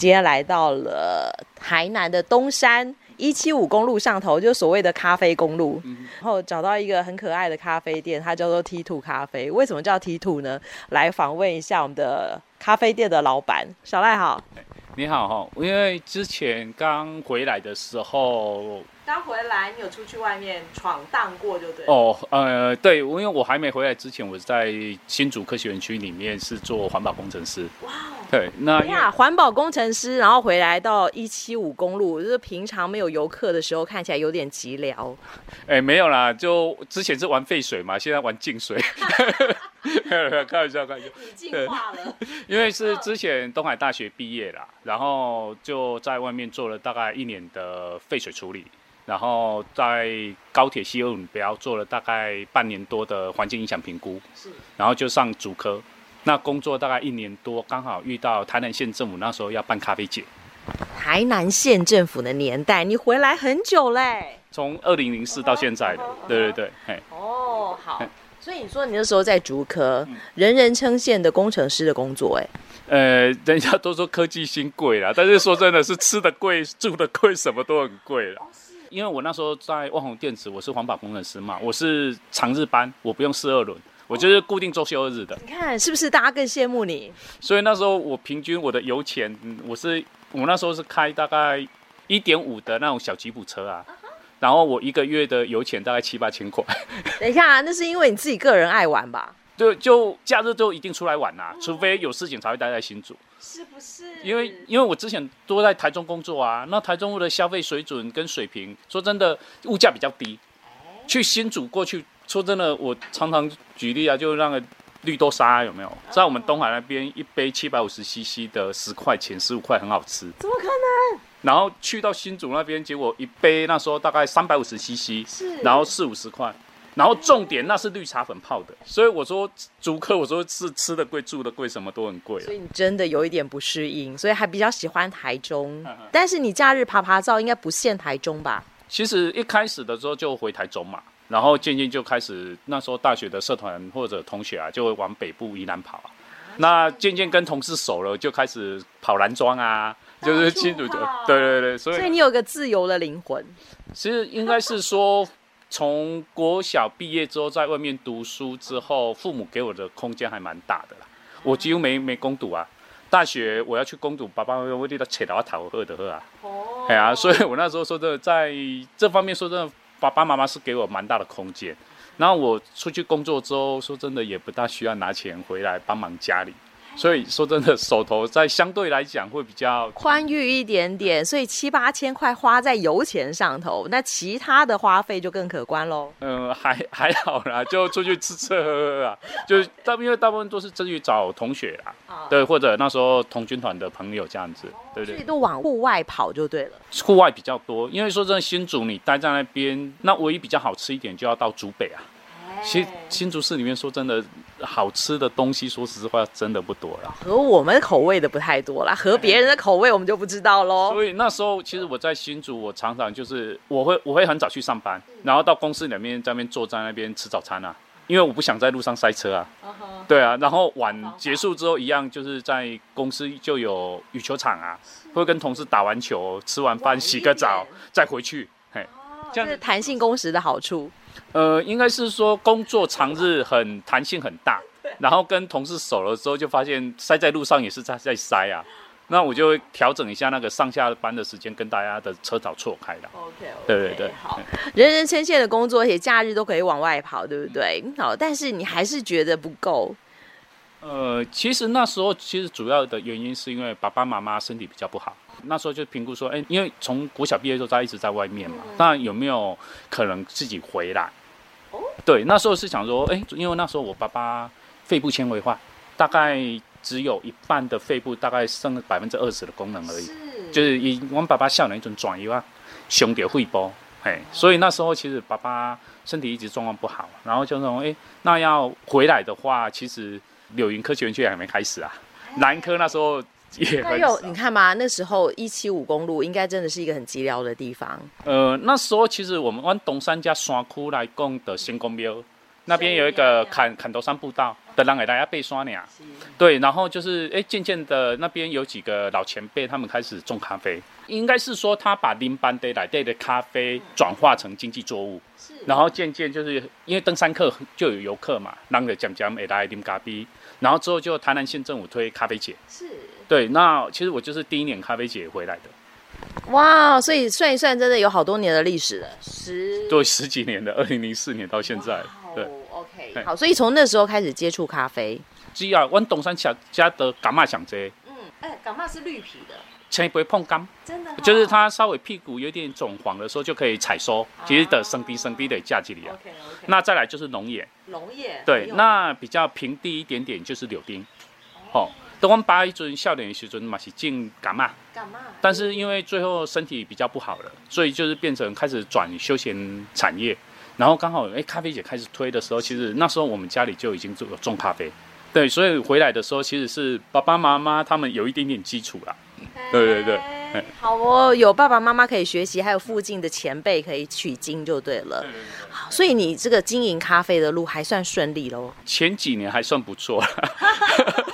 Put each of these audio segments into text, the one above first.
今天來到了台南的東山一七五公路上頭，就所謂的咖啡公路，嗯、哼然後找到一個很可愛的咖啡店，它叫做 T Two 咖啡。為什麼叫 T Two 呢？來訪問一下我們的咖啡店的老闆小賴，好，你好哈。因為之前剛回來的時候。剛回來，你有出去外面闖蕩過就對。哦，oh, 呃，對，因為我還沒回來之前，我在新竹科學園區裡面是做環保工程師。哇，Wow, 對，那呀、啊，環保工程師，然後回來到一七五公路，就是平常沒有遊客的時候，看起來有點寂寥。哎，沒有啦，就之前是玩廢水嘛，現在玩淨水，開玩笑，開玩笑。 你進化了， 因為是之前東海大學畢業啦，然後就在外面做了大概一年的廢水處理。然後在高鐵西柚目標做了大概半年多的環境影響評估，是，然後就上竹科。那工作大概一年多，剛好遇到台南縣政府那時候要辦咖啡節。台南縣政府的年代，你回來很久嘞、欸。從二零零四到現在的，okay, okay, okay. 對對對，哦，oh, 好。所以你說你那時候在竹科，嗯、人人稱羨的工程師的工作、欸，哎，呃，人家都說科技新貴啦，但是說真的是吃的貴、 住的貴，什麼都很貴了。因為我那時候在旺宏電子，我是環保工程師嘛，我是常日班，我不用四二輪，我就是固定週休二日的。哦、你看是不是大家更羨慕你？所以那時候我平均我的油錢，我是我那時候是開大概一點五的那種小吉普車啊，uh huh. 然後我一個月的油錢大概七八千塊。 等一下，那是因為你自己個人愛玩吧？對，就假日就一定出來玩啦、啊，除非有事情才會待在新竹。是不是？因為因為我之前都在台中工作啊，那台中的消費水準跟水平，說真的，物價比較低。欸、去新竹過去，說真的，我常常舉例啊，就那個綠豆沙有沒有？啊、在我們東海那邊，一杯七百五十 CC 的十塊錢十五塊，塊很好吃。怎麼可能？然後去到新竹那邊，結果一杯那時候大概三百五十 CC，是，然後四五十塊。然後重點那是綠茶粉泡的，所以我說竹科，我說是吃的貴，住的貴，什麼都很貴。所以你真的有一點不適應，所以還比較喜歡台中。但是你假日爬爬山應該不限台中吧？其實一開始的時候就回台中嘛，然後漸漸就開始那時候大學的社團或者同學啊，就會往北部宜、宜蘭跑啊。那漸漸跟同事熟了，就開始跑南莊啊，就是清楚就對對對，所以所以你有個自由的靈魂。其實應該是說。 從國小畢業之後，在外面讀書之後，父母給我的空間還蠻大的啦。我幾乎沒沒工讀啊，大學我要去工讀，爸爸媽媽為了扯到他，討喝的喝啊。哦，哎呀，所以我那時候說真的在這方面說真的，爸爸媽媽是給我蠻大的空間。然後我出去工作之後，說真的也不大需要拿錢回來幫忙家裡。所以說真的手頭在相對來講會比較寬裕一點點，所以七八千塊花在油錢上頭，那其他的花費就更可觀嘍。嗯，還還好啦，就出去吃吃喝喝啊， 就大 Okay. 因為大部分都是正去找同學啊，Okay. 對，或者那時候同軍團的朋友這樣子，oh. 對不對？所以都往戶外跑就對了。戶外比較多，因為說真的新竹你待在那邊，那唯一比較好吃一點就要到竹北啊。Hey. 新新竹市裡面說真的。好吃的東西，說實話真的不多啦。和我們口味的不太多啦，和別人的口味我們就不知道嘍，嗯。所以那時候，其實我在新竹，我常常就是我會我會很早去上班，是然後到公司裡面在那邊坐在那邊吃早餐啊，因為我不想在路上塞車啊。Uh huh. 對啊，然後晚結束之後一樣，就是在公司就有羽球場啊，是會跟同事打完球，吃完飯哇洗個澡點再回去，嘿，uh，huh. 這樣是彈性工時的好處。呃，應該是說工作長日很彈性很大，然後跟同事熟了之後，就發現塞在路上也是在在塞啊。那我就調整一下那個上下班的時間，跟大家的車潮錯開的。OK，, okay 對對對，好，嗯、人人稱羨的工作，而且假日都可以往外跑，對不對？好，但是你還是覺得不夠。呃，其實那時候其實主要的原因是因為爸爸媽媽身體比較不好，那時候就評估說，哎、欸，因為從國小畢業之後，他一直在外面嘛，嗯、那有沒有可能自己回來？哦、對，那時候是想說，哎、欸，因為那時候我爸爸肺部纖維化，大概只有一半的肺部，大概剩百分之二十的功能而已，是就是以我們爸爸像一種轉移啊，胸給肺包，哎、欸，哦、所以那時候其實爸爸身體一直狀況不好，然後就說，哎、欸，那要回來的話，其實。柳營科技園區還沒開始啊，南科那時候也。沒有、哎，你看嘛，那時候一七五公路應該真的是一個很寂寥的地方。呃，那時候其實我們往東山家山區來講的仙公廟，嗯、那邊有一個崁、嗯、崁頭山步道。得讓給大家背對，然後就是哎，漸、欸、漸的那邊有幾個老前輩，他們開始種咖啡，應該是說他把林班地來地的咖啡轉化成經濟作物，是，然後漸漸就是因為登山客就有遊客嘛，讓的漸漸愛來喝咖啡，然後之後就台南縣政府推咖啡節，是，對，那其實我就是第一年咖啡節回來的，哇，所以算一算，真的有好多年的歷史了，十，對，十幾年的，二零零四年到現在，哇對。對好，所以從那時候開始接觸咖啡。只要我東山小家的甘嘛上多。嗯，哎、欸，甘嘛是綠皮的。青皮椪柑。真的、哦。就是它稍微屁股有點腫黃的時候就可以採收，啊、其實的生啤生啤的價錢裡啊。Okay, okay 那再來就是龍眼。龍眼。對，有那比較平地一點點就是柳丁。哦。等、哦、我擺一尊笑臉，一尊嘛是進甘嘛。甘嘛。但是因為最後身體比較不好了，所以就是變成開始轉休閒產業。然後剛好，哎，咖啡節開始推的時候，其實那時候我們家裡就已經種種咖啡，對，所以回來的時候其實是爸爸媽媽他們有一點點基礎啦，Okay. 對對對，好哦，有爸爸媽媽可以學習，還有附近的前輩可以取經就對了，嗯、好，所以你這個經營咖啡的路還算順利嘍，前幾年還算不錯。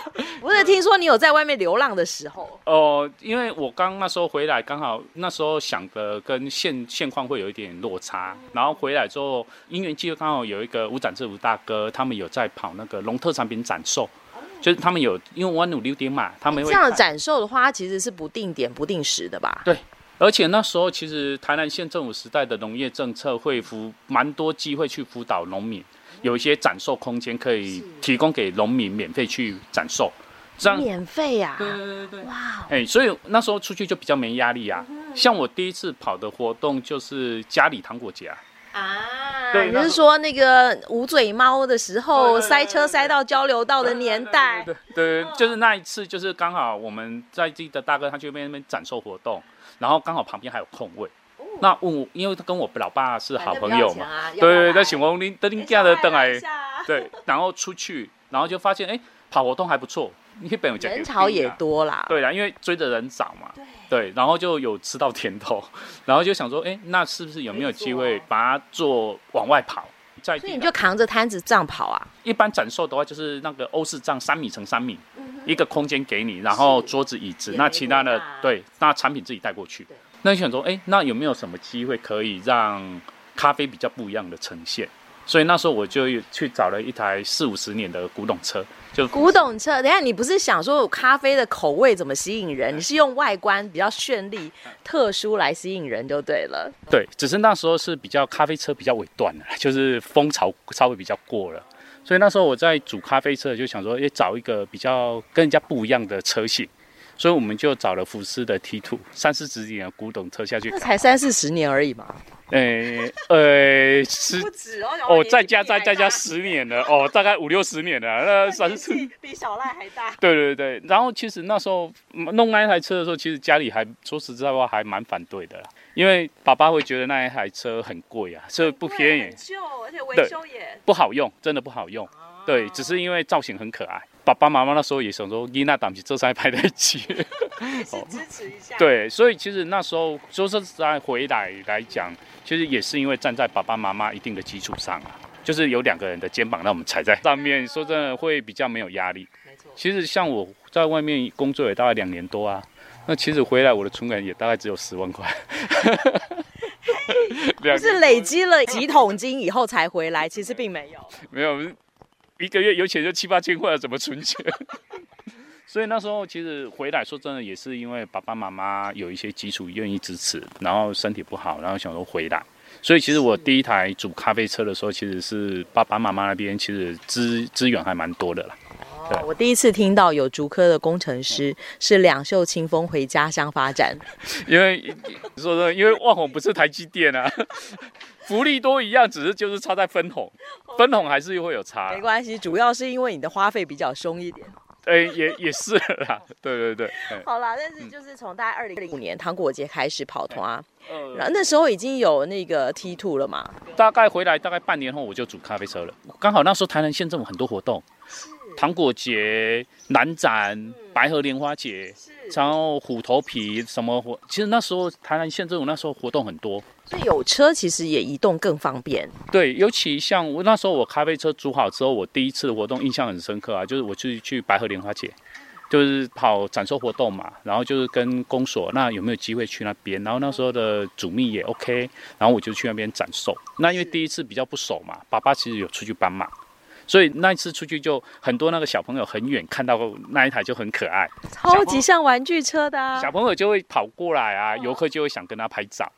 不是聽說你有在外面流浪的時候？哦、呃，因為我剛那時候回來，剛好那時候想的跟現現況會有一點點落差。嗯、然後回來之後，因緣際會剛好有一個吳展志吳大哥，他們有在跑那個農特產品展售，嗯、就是他們有因為我努六點嘛，他們會、欸、這樣的展售的話，它其實是不定點、不定時的吧？對，而且那時候其實台南縣政府時代的農業政策會扶蠻多機會去輔導農民，嗯、有一些展售空間可以提供給農民免費去展售。這樣免費呀？對對對對，哇！哎，所以那時候出去就比較沒壓力呀。像我第一次跑的活動就是家裡糖果節啊。對，就是說那個無嘴貓的時候，塞車塞到交流道的年代。對對，就是那一次，就是剛好我們在自己的大哥他去那邊那邊展售活動，然後剛好旁邊還有空位。那我因為他跟我老爸是好朋友嘛。對他對，那請我們拎拎的燈對。然後出去，然後就發現哎，跑活動還不錯。你本有講，啊、人潮也多啦，對啦，因為追的人少嘛，對，對，然後就有吃到甜頭，然後就想說，哎、欸，那是不是有沒有機會把它做往外跑？所以你就扛着攤子這樣跑啊？一般展售的話，就是那個歐式帳，三米乘三米，嗯、哼一個空間給你，然後桌子、椅子，是那其他的對，那產品自己帶過去。對 那就想說，哎、欸，那有沒有什麼機會可以讓咖啡比較不一樣的呈現？所以那時候我就去找了一台四五十年的古董車，就古董車。等一下，你不是想說咖啡的口味怎麼吸引人？你是用外觀比較絢麗、特殊來吸引人就對了。對，只是那時候是比較咖啡車比較尾段的，就是風潮稍微比較過了。所以那時候我在煮咖啡車就想說，要找一個比較跟人家不一樣的車型。所以我們就找了福斯的 T2，三四十幾年的古董車下去。那才三四十年而已嘛。哎哎，欸呃、十不止哦哦，你再加在再加十年了 哦，大概五六十年了。那三十四比小賴還大。對對對，然後其實那時候弄那一台車的時候，其實家裡還說實在話還蠻反對的，因為爸爸會覺得那一台車很貴啊，車不便宜，舊而且維修也不好用，真的不好用。對，只是因為造型很可愛。爸爸媽媽那時候也想說，囡仔當起浙三派的姐，支持一下。 對，所以其實那時候就是在回來來講，其實也是因為站在爸爸媽媽一定的基礎上啊，就是有兩個人的肩膀讓我們踩在上面，說真的會比較沒有壓力。沒錯。其實像我在外面工作也大概兩年多啊，那其實回來我的存款也大概只有十萬塊。就是累積了幾桶金以後才回來，其實並沒有。 沒有。一個月油錢就七八千塊，怎麼存錢？ 所以那時候其實回來，來，說真的也是因為爸爸媽媽有一些基礎願意支持，然後身體不好，然後想說回來。所以其實我第一台煮咖啡車的時候，其實是爸爸媽媽那邊其實資資源還蠻多的啦。對，我第一次聽到有竹科的工程師是兩袖清風回家鄉發展。 因為說真的，因為旺宏不是台積電啊。 福利都一樣，只是就是差在分紅，分紅還是會有差。沒關係，主要是因為你的花費比較凶一點。哎、欸，也也是啦，對對對。欸、好啦，但是就是從大概二零零五年糖果節開始跑團，那、欸呃、那時候已經有那個 T2 了嘛。對大概回來大概半年後，我就煮咖啡車了。剛好那時候台南縣政府很多活動，是糖果節、南展、是白河蓮花節，是然後虎頭皮什麼活，其實那時候台南縣政府那時候活動很多。有車其實也移動更方便。對，尤其像我那時候，我咖啡車煮好之後，我第一次的活動印象很深刻啊，就是我去去白河蓮花節，就是跑展售活動嘛。然後就是跟公所，那有沒有機會去那邊？然後那時候的主秘也 OK，然後我就去那邊展售。是那因為第一次比較不熟嘛，爸爸其實有出去幫忙，所以那一次出去就很多那個小朋友很遠看到那一台就很可愛，超級像玩具車的、啊。小朋友就會跑過來啊，遊、啊、客就會想跟他拍照。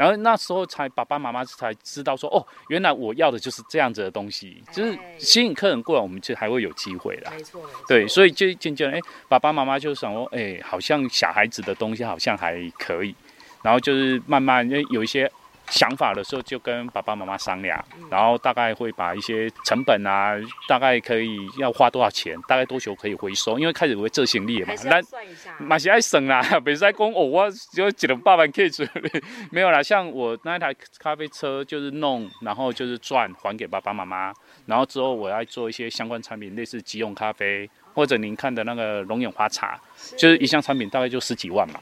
然後那時候才爸爸媽媽才知道說哦，原來我要的就是這樣子的東西，就是吸引客人過來，我們就還會有機會的。沒錯，對，所以就漸漸哎，爸爸媽媽就想說，哎，好像小孩子的東西好像還可以，然後就是慢慢哎有一些。想法的時候就跟爸爸媽媽商量，然後大概會把一些成本啊，大概可以要花多少錢，大概多久可以回收，因為開始會執行力嘛，那嘛是愛省啦，袂使講哦，我就只能八萬塊出， 沒有啦，像我那台咖啡車就是弄，然後就是賺還給爸爸媽媽，然後之後我要做一些相關產品，類似即溶咖啡或者您看的那個龍眼花茶，是就是一項產品大概就十幾萬嘛。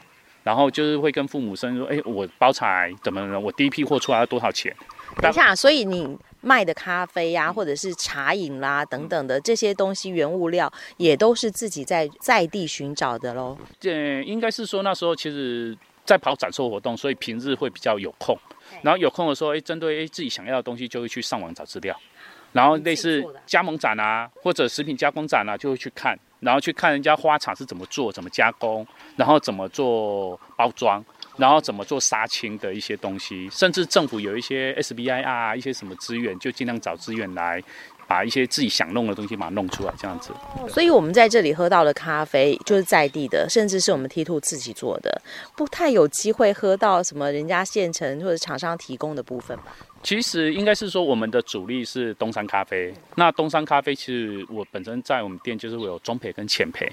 然後就是會跟父母說：“說，哎，我包材怎麼了？我第一批貨出來要多少錢？等一下、啊，所以你賣的咖啡呀，、啊，或者是茶飲啦、啊、嗯、等等的這些東西，原物料也都是自己在在地尋找的嘍。”對，應該是說那時候其實在跑展售活動，所以平日會比較有空。然後有空的時候，哎，針對自己想要的東西，就會去上網找資料。然後類似加盟展啊，或者食品加工展啊，就會去看。然後去看人家花廠是怎麼做、怎麼加工，然後怎麼做包裝，然後怎麼做殺青的一些東西，甚至政府有一些 SBIR 啊，一些什麼資源，就盡量找資源來。把一些自己想弄的東西，把它弄出來，這樣子。所以，我們在這裡喝到的咖啡就是在地的，甚至是我們 T2 自己做的，不太有機會喝到什麼人家現成，或者廠商提供的部分吧？其實應該是說，我們的主力是東山咖啡。那東山咖啡，其實我本身在我們店就是我有中焙跟淺焙。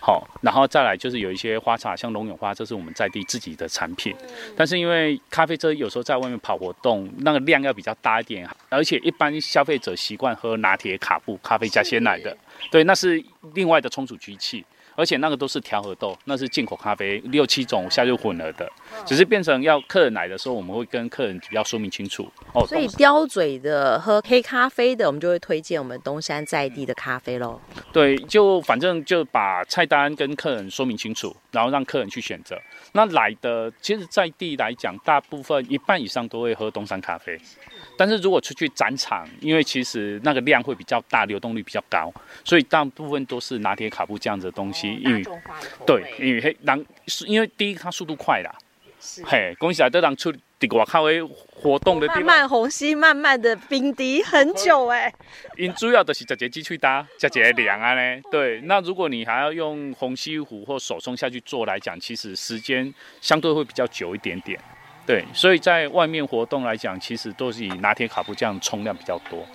好，然後再來就是有一些花茶，像龍眼花，這是我們在地自己的產品。但是因為咖啡車有時候在外面跑活動，那個量要比較大一點，而且一般消費者習慣喝拿鐵、卡布咖啡加鮮奶的，的對，那是另外的沖煮機器。而且那個都是調和豆，那是進口咖啡六七種下就混合的，只是變成要客人來的時候，我們會跟客人比較說明清楚哦。所以刁嘴的喝黑咖啡的，我們就會推薦我們東山在地的咖啡嘍。對，就反正就把菜單跟客人說明清楚，然後讓客人去選擇。那來的，其實在地來講，大部分一半以上都會喝東山咖啡，但是如果出去展場，因為其實那個量會比較大，流動率比較高，所以大部分都是拿鐵卡布這樣子的東西。哦，因為對，因為當是因為第一它速度快啦。是嘿，恭喜來，這人出在外口的活動的地方。慢慢虹吸，慢慢的冰滴很久哎、欸。因 主要的是這節機器打，這節涼啊嘞。 對，那如果你還要用虹吸壺或手沖下去做來講，其實時間相對會比較久一點點。對，所以在外面活動來講，其實都是以拿鐵卡布這樣沖量比較多。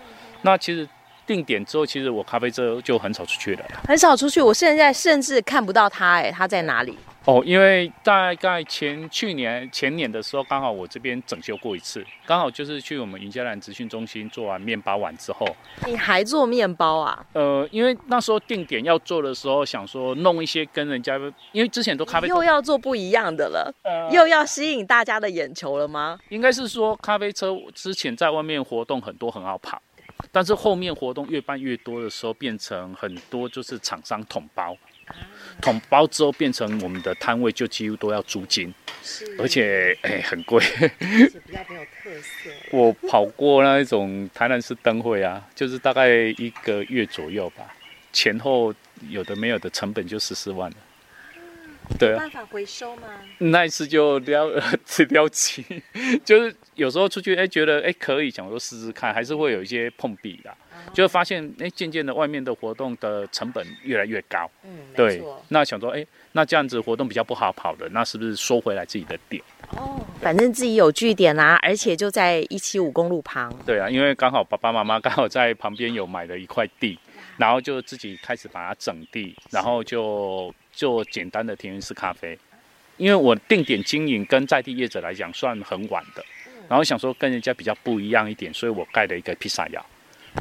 那其實定點之後，其實我咖啡車就很少出去了。很少出去，我現在甚至看不到他哎、欸，他在哪裡？哦，因為大概前去年前年的時候，剛好我這邊整修過一次，剛好就是去我們雲嘉南資訊中心做完麵包碗之後，你還做麵包啊？呃，因為那時候定點要做的時候，想說弄一些跟人家，因為之前都咖啡，又要做不一樣的了，呃、又要吸引大家的眼球了嗎？應該是說咖啡車之前在外面活動很多，很好跑，但是後面活動越辦越多的時候，變成很多就是廠商統包。統包之後，變成我們的攤位就幾乎都要租金，是而且哎、欸、很貴。 我跑過那一種台南市燈會啊，就是大概一個月左右吧，前後有的沒有的成本就十四萬了。對、有、啊、辦法回收嗎？那一次就丟呃只就是有時候出去哎覺得哎可以，想說試試看，還是會有一些碰壁的，哦、就發現哎漸漸的外面的活動的成本越來越高。嗯，對錯那想說哎那這樣子活動比較不好跑的，那是不是收回來自己的點？哦，對反正自己有據點啊，而且就在一七五公路旁。對啊，因為剛好爸爸媽媽剛好在旁邊有買了一塊地，啊、然後就自己開始把它整地，是然後就。做簡單的田園式咖啡，因為我定點經營跟在地業者來講算很晚的，然後想說跟人家比較不一樣一點，所以我蓋了一個披薩窯，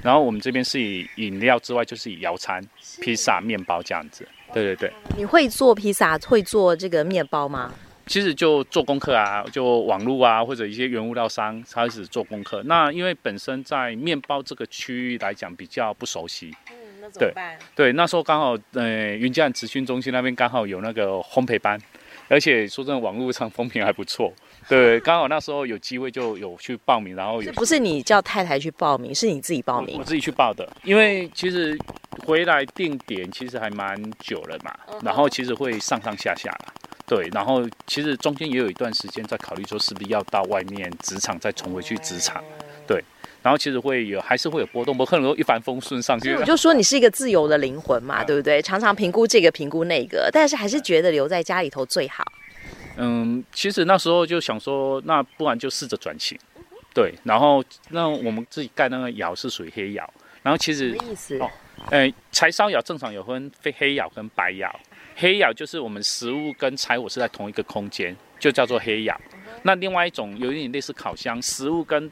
然後我們這邊是以飲料之外就是以窯餐、披薩、麵包這樣子。對對對，你會做披薩，會做這個麵包嗎？其實就做功課啊，就網絡啊或者一些原物料商開始做功課。那因為本身在麵包這個區域來講比較不熟悉。對對，那時候剛好，呃，雲嘉職訓中心那邊剛好有那個烘焙班，而且說真的，網絡上風評還不錯。對，剛 好那時候有機會就有去報名，然後這不是你叫太太去報名，是你自己報名？我，我自己去報的，因為其實回來定點其實還蠻久了嘛，然後其實會上上下下啦，對，然後其實中間也有一段時間在考慮說是不是要到外面職場再重回去職場。Okay. 然後其實會有，還是會有波動，不可能說一帆風順上去。我就說你是一個自由的靈魂嘛，嗯、對不對？常常評估這個，評估那個，但是還是覺得留在家裡頭最好。嗯，其實那時候就想說，那不然就試着轉型。對，然後那我們自己蓋那個窯是屬於黑窯。然後其實什麼意思哦，呃，柴燒窯正常有分黑黑窯跟白窯。黑窯就是我們食物跟柴火是在同一個空間，就叫做黑窯。那另外一種有一點類似烤箱，食物跟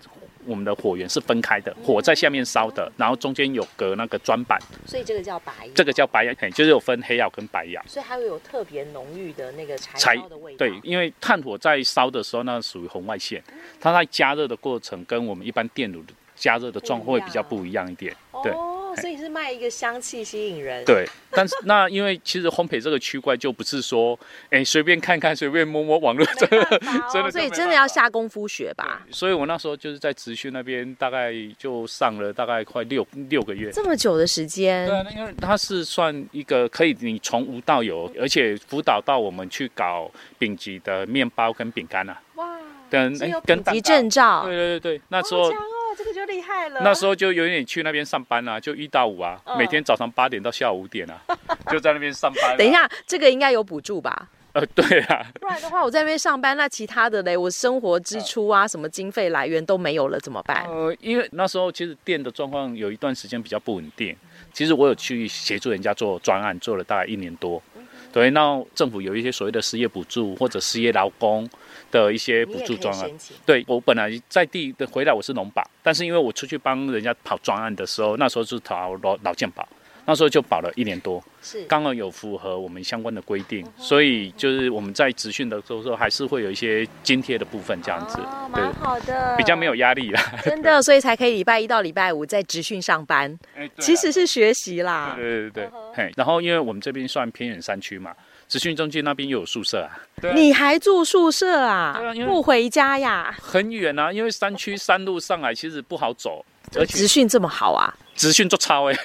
我們的火源是分開的，火在下面燒的，然後中間有隔那個磚板，所以這個叫白，這個叫白窯，就是有分黑窯跟白窯，所以它會有特別濃郁的那個柴燒的味道。對，因為炭火在燒的時候，那屬於紅外線，它在加熱的過程跟我們一般電爐加熱的狀況會比較不一樣一點，對。哦、所以是賣一個香氣吸引人。對， 但是那因為其實烘焙這個區塊就不是說，哎、欸，隨便看看，隨便摸摸網絡。真的，哦、真的，所以真的要下功夫學吧。所以我那時候就是在職訓那邊，大概就上了大概快六六個月。這麼久的時間。對，因為它是算一個可以你從無到有，而且輔導到我們去搞丙級的麵包跟餅乾啊。哇。跟跟。級證照。對對對對，那時候。哦哦、這個就厲害了。那時候就有點去那邊上班啊，就一到五啊，嗯、每天早上八點到下午五點啊， 就在那邊上班，啊。等一下，這個應該有補助吧？呃，對啊。不然的話，我在那邊上班，那其他的嘞，我生活支出啊，嗯、什麼經費來源都沒有了，怎麼辦？呃，因為那時候其實店的狀況有一段時間比較不穩定。嗯、其實我有去協助人家做專案，做了大概一年多。嗯、哼對，那政府有一些所謂的失業補助或者失業勞工。的一些補助專案，對，我本來在地的回來我是農保，但是因為我出去幫人家跑專案的時候，那時候是跑老勞健保，那時候就保了一年多，是剛好有符合我們相關的規定，所以就是我們在職訓的時候還是會有一些津貼的部分這樣子，對，好的，比較沒有壓力啊、哦，的真的，所以才可以禮拜一到禮拜五在職訓上班，其實是學習啦、欸，對，啊、對，對對對對，嘿，然後因為我們這邊算偏遠山區嘛。職訓中心那邊又有宿舍啊，對，你還住宿舍啊？對啊，因為不回家呀。很遠啊，因為山區山路上來其實不好走。而且職訓這麼好啊？職訓做操哎，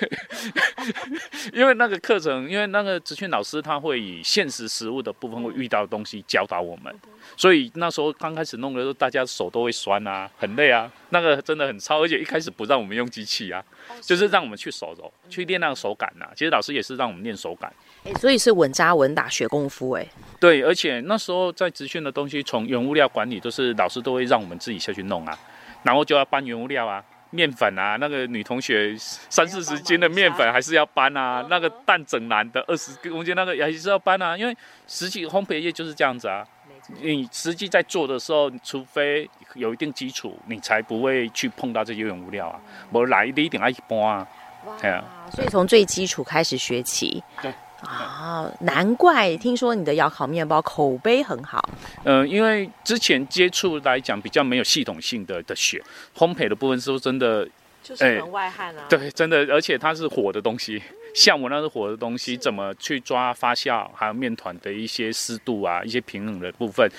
因為那個課程，因為那個職訓老師他會以現實實務的部分會遇到的東西教導我們，所以那時候剛開始弄的時候，大家手都會酸啊，很累啊。那個真的很操，而且一開始不讓我們用機器啊，就是讓我們去手揉，去練那個手感啊。其實老師也是讓我們練手感啊。欸、所以是穩紮穩打學功夫哎，欸，對，而且那時候在職訓的東西，從原物料管理都是老師都會讓我們自己下去弄啊，然後就要搬原物料啊，麵粉啊，那個女同學三四十斤的麵粉還是要搬啊，搬那個蛋整籃的二十公斤那個也還是要搬啊，因為實際烘焙業就是這樣子啊，錯你實際在做的時候，除非有一定基礎，你才不會去碰到這些原物料啊，我，嗯，來的一定愛搬啊，哇，啊，所以從最基礎開始學起，對。啊、哦，難怪聽說你的窯烤麵包口碑很好。嗯、呃，因為之前接觸來講比較沒有系統性的的學烘焙的部分，是不是真的？就是門外漢啊。對，真的，而且它是火的東西，嗯、像我那是火的東西，是怎麼去抓發酵，還有麵糰的一些濕度啊，一些平衡的部分，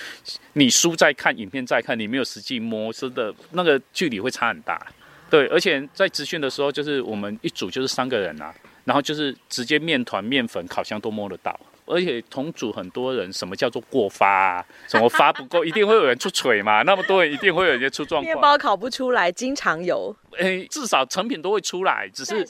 你書在看，影片在看，你沒有實際摸，真的那個距離會差很大。對，而且在職訓的時候，就是我們一組就是三個人啊。嗯然後就是直接麵糰、麵粉、烤箱，都摸得到，而且同組很多人，什麼叫做過發啊？什麼發不夠，一定會有人出槌嘛。那麼多人，一定會有人出狀況。麵包烤不出來，經常有。至少成品都會出來，只是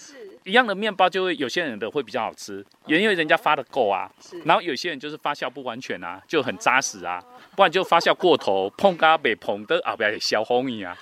一樣的麵包就會有些人的會比較好吃，也因為人家發得夠啊。是。然後有些人就是發酵不完全啊，就很扎實啊，不然就發酵過頭，碰咖北碰的啊，不要也笑瘋啊。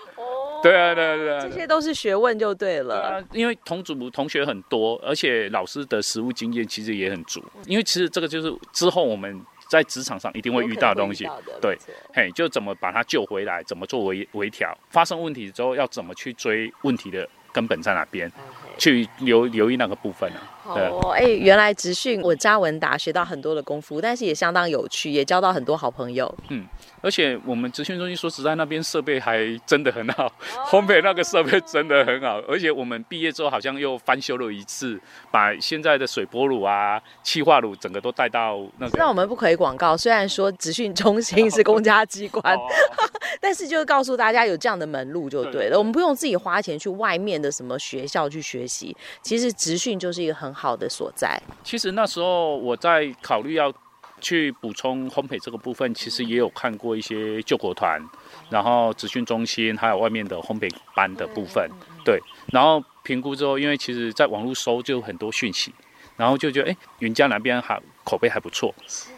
對啊，對啊對啊。這些都是學問就對了。對啊，因為同組同學很多，而且老師的實務經驗其實也很足。嗯、因為其實這個就是之後我們在職場上一定會遇到的東西。的對，沒錯。嘿，就怎麼把它救回來，怎麼做微微調？發生問題之後要怎麼去追問題的根本在哪邊？Okay. 去留留意那個部分呢？哦，哎，原來職訓我紮文達學到很多的功夫，嗯、但是也相當有趣，也交到很多好朋友。嗯，而且我們職訓中心說實在，那邊設備還真的很好，烘焙，oh, 那個設備真的很好。Oh. 而且我們畢業之後好像又翻修了一次，把現在的水波爐啊、氣化爐整個都帶到那個。那我們不可以廣告，雖然說職訓中心是公家機關，oh. 但是就是告訴大家有這樣的門路就對了，對對對，我們不用自己花錢去外面的什麼學校去學習。其實職訓就是一個很。好的所在。其實那時候我在考慮要去補充烘焙這個部分，其實也有看過一些救國團，然後職訓中心，還有外面的烘焙班的部分。對，然後評估之後，因為其實在網絡搜就很多訊息，然後就覺得哎，雲嘉南邊好。口碑還不錯，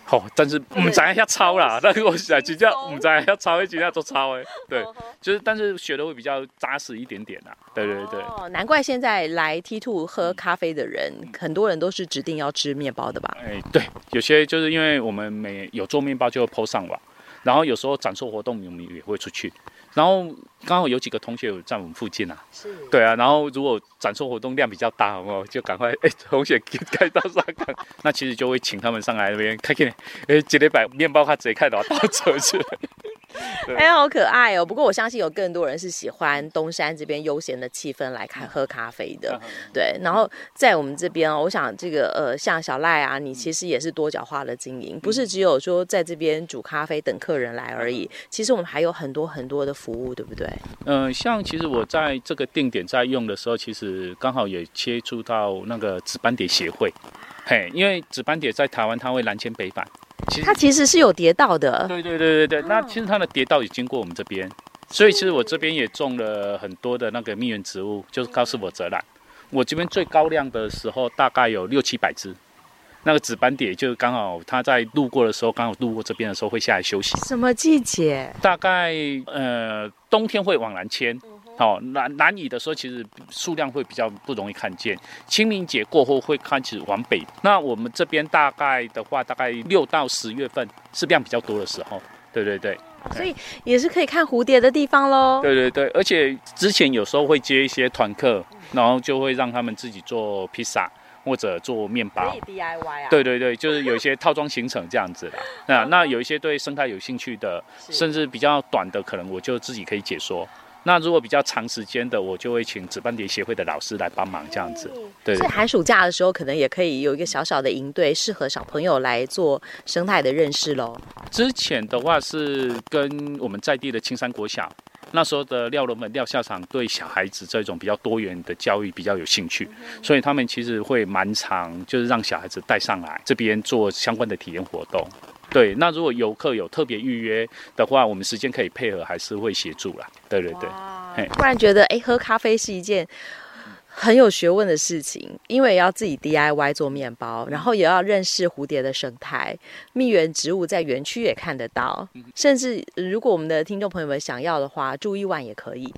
好、哦，但是我們講一下抄啦。對但是我講幾下，我們講要抄一幾下都抄哎，對， 對，就是但是學的會比較扎實一點點啊。哦、對對對。哦，難怪現在來 T 兔喝咖啡的人，嗯、很多人都是指定要吃麵包的吧？哎、欸，對，有些就是因為我們沒有做麵包就會 po 上網，然後有時候展出活動，我們也會出去。然後剛好有幾個同學有在我們附近啊，是對啊，然後如果展出活動量比較大，我就趕快哎，同學 開到上港，那其實就會請他們上來那邊，看見，哎，直接把麵包塊直接開到倒出去。 哎，對好可愛哦、喔！不過我相信有更多人是喜歡東山這邊悠閒的氣氛，來看、嗯、喝咖啡的，嗯、對。然後在我們這邊、喔，我想這個呃，像小賴啊，你其實也是多角化的經營，嗯、不是只有說在這邊煮咖啡等客人來而已。嗯、其實我們還有很多很多的服務，對不對？嗯、呃，像其實我在這個定點在用的時候，其實剛好也接觸到那個紫斑蝶協會，嘿，因為紫斑蝶在台灣它會南遷北返。它其實是有蝶道的，對對對對對。那其實它的蝶道也經過我們這邊，所以其實我這邊也種了很多的那個蜜源植物，就是高士佛澤蘭。我這邊最高量的時候大概有六七百隻，那個紫斑蝶就剛好它在路過的時候，剛好路過這邊的時候會下來休息。什麼季節？大概呃冬天會往南遷。哦，南南、北的時候其實數量會比較不容易看見。清明節過後會看，開始往北。那我們這邊大概的話，大概六到十月份是量比較多的時候，對對對、嗯。所以也是可以看蝴蝶的地方嘍。對對對，而且之前有時候會接一些團客，嗯、然後就會讓他們自己做披薩或者做麵包。可以 DIY 啊。對對對，就是有一些套裝行程這樣子的。 那那有一些對生態有興趣的，是甚至比較短的，可能我就自己可以解說。那如果比較長時間的，我就會請紫斑蝶協會的老師來幫忙，這樣子。對。在寒暑假的時候，可能也可以有一個小小的營隊，適合小朋友來做生態的認識嘍。之前的話是跟我們在地的青山國小，那時候的廖龍門廖校長對小孩子這種比較多元的教育比較有興趣，所以他們其實會蠻常就是讓小孩子帶上來這邊做相關的體驗活動。對，那如果遊客有特別預約的話，我們時間可以配合，還是會協助啦。對對對，突然覺得哎，喝咖啡是一件很有學問的事情，因為要自己 DIY 做麵包，然後也要認識蝴蝶的生態、蜜源植物，在園區也看得到。甚至如果我們的聽眾朋友們想要的話，住一晚也可以。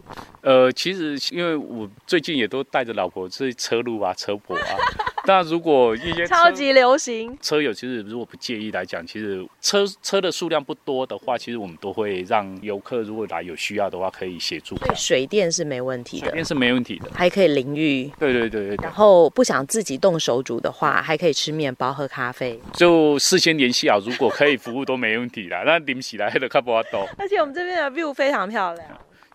呃，其實因為我最近也都帶着老婆，是車路啊，車婆啊。 那如果夜間超級流行車友，其實如果不介意來講，其實車車的數量不多的話，其實我們都會讓遊客，如果來有需要的話，可以協助。水電是沒問題的，水電是沒問題的，還可以淋浴。對對對，對然後不想自己動手煮的話，還可以吃面包、喝咖啡。就事先聯繫好，如果可以服務都沒問題啦。 那你們起來都看不多。而且我們這邊的 view 非常漂亮。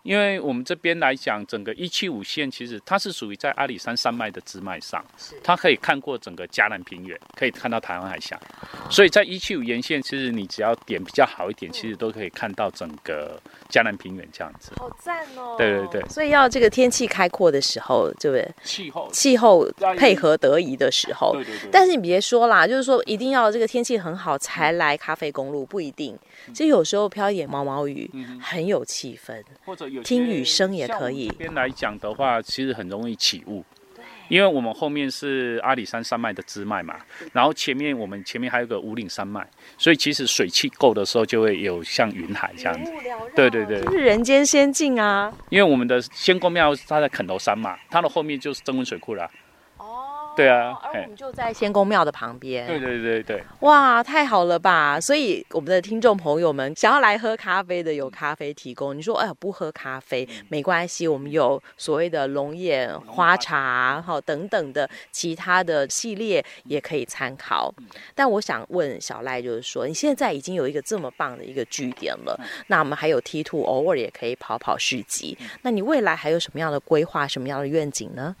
因為我們這邊來講，整個一七五線其實它是屬於在阿里山山脈的支脈上，是它可以看過整個嘉南平原，可以看到台灣海峽，啊、所以在一七五沿線，其實你只要點比較好一點，對其實都可以看到整個嘉南平原這樣子。對好讚哦！對對對。所以要這個天氣開闊的時候，對不對？氣候氣候配合得宜的時候。對對對。但是你別說啦，就是說一定要這個天氣很好才來咖啡公路，不一定。其實、嗯、有時候飄一點毛毛雨，嗯、哼很有氣氛。或者。聽雨聲也可以。這邊來講的話，其實很容易起霧，對因為我們後面是阿里山山脈的支脈嘛，然後前面我們前面還有個五嶺山脈，所以其實水氣夠的時候就會有像雲海這樣子。對對對，就是人間仙境啊！因為我們的仙公廟它在崁頭山嘛，它的後面就是曾文水庫了啊。對啊，哦、而我們就在仙公廟的旁邊。對對對對，哇，太好了吧！所以我們的聽眾朋友們想要來喝咖啡的，有咖啡提供。你說哎，不喝咖啡沒關係，我們有所謂的龍眼花茶哈、哦、等等的其他的系列也可以參考。但我想問小賴，就是說你現在已經有一個這麼棒的一個據點了，那我們還有 T2 偶爾也可以跑跑市集。那你未來還有什麼樣的規劃，什麼樣的願景呢？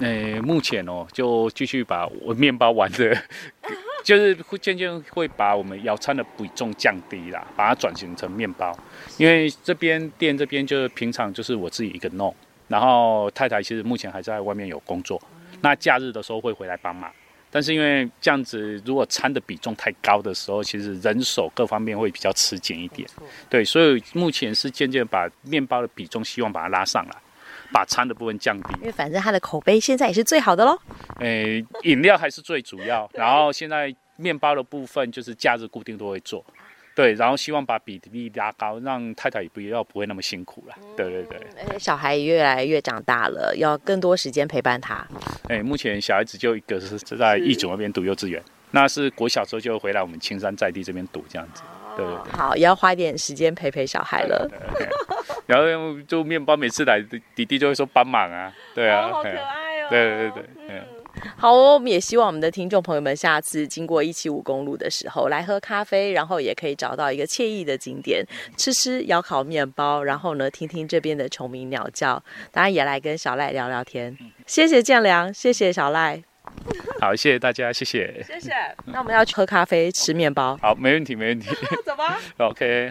呃、哎，目前哦就。我繼續把我麵包玩的，就是會漸漸會把我們窯餐的比重降低了，把它轉型成麵包。因為這邊店這邊就是平常就是我自己一個弄、no，然後太太其實目前還在外面有工作，那假日的時候會回來幫忙。但是因為這樣子，如果餐的比重太高的時候，其實人手各方面會比較吃緊一點。對，所以目前是漸漸把麵包的比重希望把它拉上來。把餐的部分降低，因為反正他的口碑現在也是最好的嘍。哎，飲料還是最主要， 對然後現在麵包的部分就是假日固定都會做，對，然後希望把比例拉高，讓太太也不要不會那麼辛苦了。嗯、對對對。而且小孩越來越長大了，要更多時間陪伴他。哎，目前小孩子就一個是在義竹那邊讀幼稚園，是那是國小之後就回來我們青山在地這邊讀這樣子。哦、對，對，對。好，也要花一點時間陪陪小孩了。對對對對對 然後就麵包，每次來弟弟就會說幫忙啊，對啊，哦、好可愛哦，對、對對對，嗯，好哦，我們也希望我們的聽眾朋友們下次經過一七五公路的時候來喝咖啡，然後也可以找到一個愜意的景點，吃吃窯烤麵包，然後呢，聽聽這邊的蟲鳴鳥叫，當然也來跟小賴聊聊天。謝謝建良，謝謝小賴， 好，謝謝大家，謝謝，謝謝。那我們要去喝咖啡吃麵包，好，沒問題，沒問題， 走吧 ，OK。